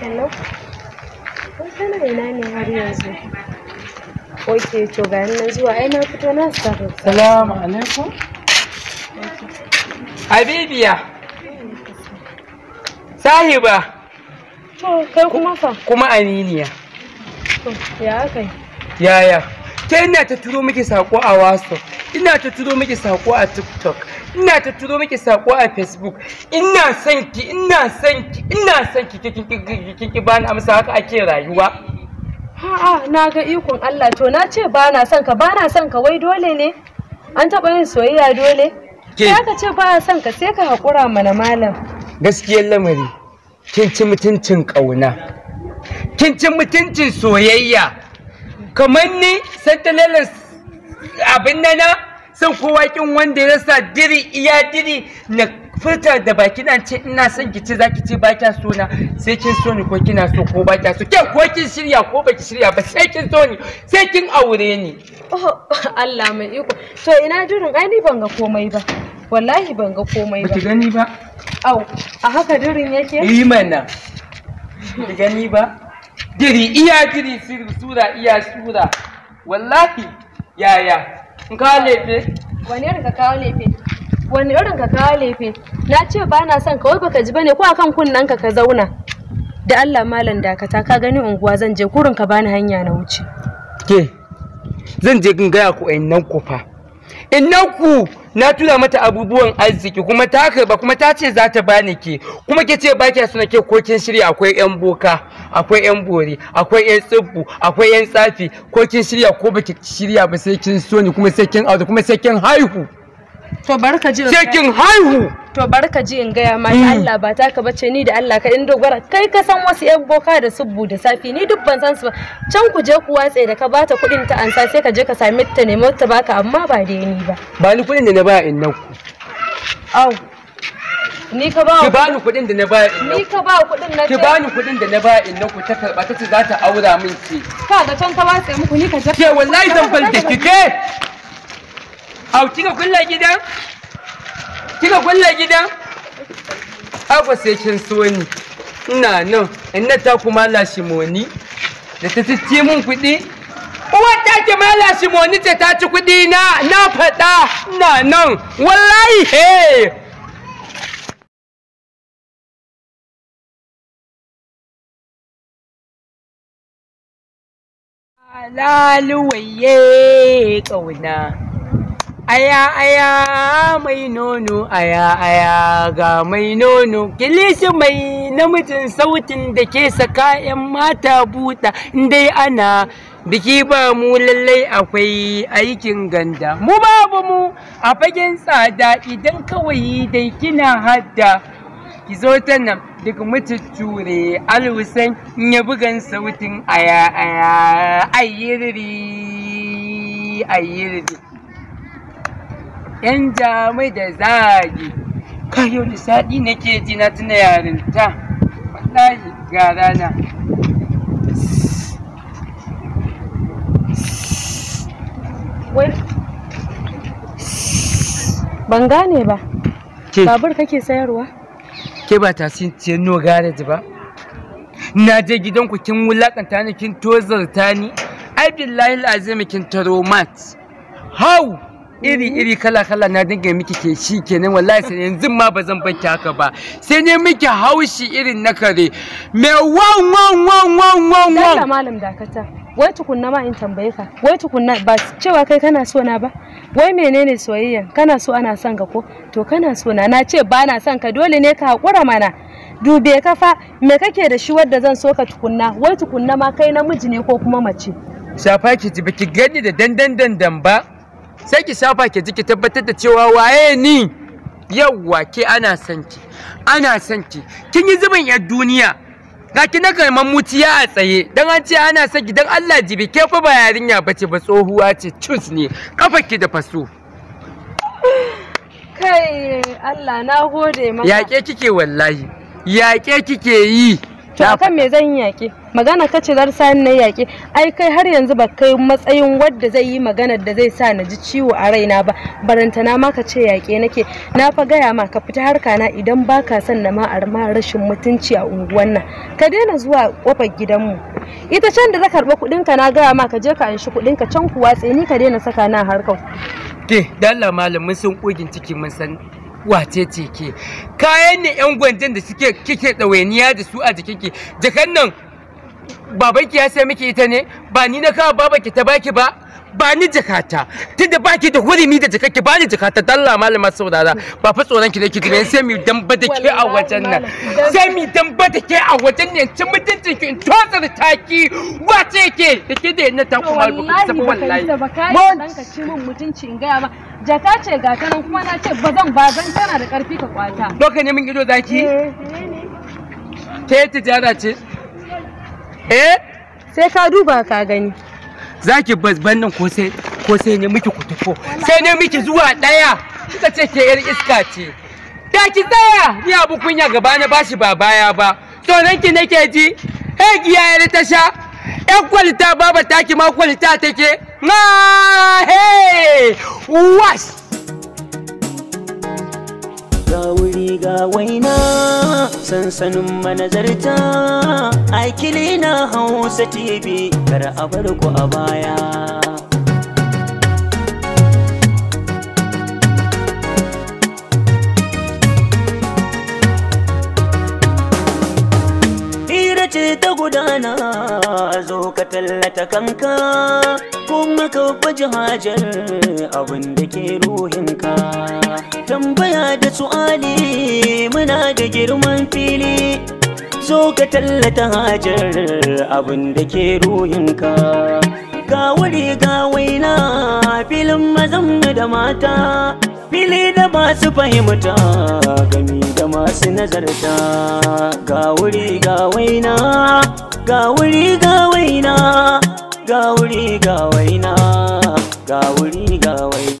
hello ina ne har yanzu ok to ga zuwa ai na fito na salamu alaikum habibiya sahiba kai kuma fa kuma aminiya ya kai yaya ke ina ta turo miki sako a wasu, ina ta turo miki sako a tiktok ina tatturo miki sako a facebook ina son ki ina son ki ina son ki ki bani amsa haka ake rayuwa A'a na ga ikon Allah to na ce ba na son ka ba na son ka wai dole ne an taɓa yin soyayya dole ke ka ce ba son ka sai ka haƙura mana malam gaskiyar lamari kin ci mutuncin ƙauna kin ci mutuncin soyayya kamar ni santalelin abin na san kowa kin wanda ya sa diri iya diri na furta da baki nan ce ina son ki ce zaki ce ba kya so na sai kin so ni ko kina so ko ba kya so ke ko kin shirya ko baki shirya ba sai kin so ni sai kin aure ni oh, Allah mai iko to ina durin ai ni ban ga komai ba wallahi ban ga komai ba ki gani ba au a haka durin yake yi mana ki gani ba diri iya diri sura iya sura wallahi yaya Wani irin ka kawo lefe? Na ce ba na son kawai baka ji bane ko akan kunnen ka ka zauna. Da Allah malam dakata ka gani unguwa zan je kurin ka bani hanya na wuce. Ke zan je kin gaya ku ɗan ku fa. Innan ku na tura mata abubuwan arziki kuma ta karba kuma ta ce za ta bani ke kuma ke ce ba suna ke ko kin shirya akwai yan boka akwai yan bore akwai yan tsibbu akwai yan tsafi ko kin shirya ko baki shirya ba sai kin so ni kuma sai kin aure kuma sai kin haihu To barka ji. Sai kin haihu. To barka ji in gaya ma mm. Allah ba ka bace ni da Allah ka in dogara kai ka san wasu yan boka da subbu da safi ni duk ban san su ba. Can ku je ku watse da ka bata kuɗin ta ansa sai ka je ka same ta nemo ta baka amma ba da ni ba. Ba ni kuɗin da na baya in nan ku. Au. Ni ka ba Ki ni kuɗin da na baya in nan. Ni ka ba kudin na. Ki bani kuɗin da na baya in nan ku ta karɓa ta ce za ta aura min ki. Ka ga can ka watsa muku ni ka je. Ke wallahi zan bar da ki ke. au kika kulle gidan kika kulle gidan agwa sai kin so ni ina nan inna ta kuma moni. da ta ci min kuɗi ta ɗaki ma lashimoni ce ta ci kuɗi na na faɗa ina nan wallahi he Laluwaye ƙauna. aya aya mai nono aya aya ga mai nono kilishi mai namijin sautin da ke saka 'yan mata buɗa dai ana biki ba mu lallai akwai aikin ganda mu babu mu a fagen tsada idan kawai dai kina hadda ki zo ta nan duk mututure alhusan ya bugan sautin aya aya ayyirri ayyirri 'yan jami da zagi kayo nishaɗi nake ji na tuna yarinta wallahi ga rana ban gane ba babur kake sayarwa ke ba ta sin ce no garage ba na je gidan ku kin wulakanta ni kin tozarta ni ai billahi azim kin taro mat how iri-iri kala-kala na dinga miki ke shi kenan wallahi sai yanzu ma ba zan baki haka ba sai ne miki haushi irin na kare me wan wan wan wan wan wan Allah malam dakata wai tukunna ma in tambaye ka wai tukunna ba cewa kai kana so na ba wai menene soyayya kana so ana son ka ko to kana so na na ce ba na son ka dole ne ka hakura mana dube ka fa me kake da shi wadda zan so ka tukunna wai tukunna ma kai namiji ne ko kuma mace shafa ki ji baki gani da dandan dandan ba sai ki shafa ki ji ki tabbatar da cewa waye ni yawwa ke ana son ki ana son ki kin yi zubin yar duniya ga ki na karman mutiya a tsaye dan an ce ana son ki dan Allah jibi ke fa ba yarinya bace ba tsohuwa ce cus ne kafar ki da faso kai Allah na gode maka yaƙe kike wallahi yaƙe kike yi to akan me zan yaƙi magana ka ce zar sani na yaƙi ai kai har yanzu ba kai matsayin wanda zai yi maganar da zai sa na ji ciwo a raina ba barantana ma ka ce yaƙe nake na fa gaya ma ka fita harka na idan ba ka son na ma arma rashin mutunci a unguwan nan ka daina zuwa kofar gidanmu ita can da za karɓa kuɗin ka na gaya ma ka je ka anshi kuɗin ka can kuwa tsini ka daina saka na harkar ke dalla malamin sun kogin ciki mun san wace ce ke kayan ne yan gwanjan da suke kike tsawainiya da su a jikinki jakan nan babanki ya sai miki ita ne ba ni na kawo babanki ta baki ba ba ni jakata tunda baki da hurumi da jakarki ba ni jakata dalla malama saurara ba fa tsoron ki ki tunani sai mu damba da ke a wajen nan sai mu damba da ke a wajen nan cin mutuncin ki ta taki wace ke da ke da yana ta kuma ba ta wallahi mun ka ci mun mutunci in ga ba jaka ce ga nan kuma na ce ba zan ba zan tana da karfi ka kwata doka eh, eh ne min ido zaki ke tijara ce eh sai ka duba ka gani zaki bazban nan ko sai ko sai ne miki kutufo sai ne miki zuwa daya kika ce ke yar iska ce da ki tsaya ni abu kunya gaba na bashi ba baya ba to nan ki nake ji eh giya yar ta sha yan kwalita baba taki ma kwalita take na he wash ga wuri ga waina sansanin manazarta a na hausa tv kar a bar ku a baya ce ta gudana zo ka tallata kanka kuma ka baji hajar abin da ke ruhinka tambaya da su'ali muna da girman fili zo ka tallata hajar abin da ke ruhinka ga wuri ga waina filin mazan da mata fili da masu fahimta gami masu nazarta ga wuri ga waina ga wuri ga waina ga wuri ga waina ga wuri ga waina